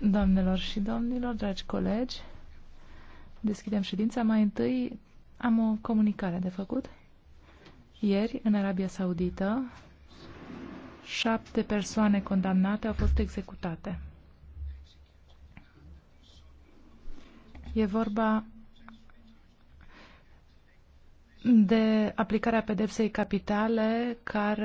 Doamnelor și domnilor, dragi colegi, deschidem ședința. Mai întâi am o comunicare de făcut. Ieri, în Arabia Saudită, șapte persoane condamnate au fost executate. E vorba de aplicarea pedepsei capitale care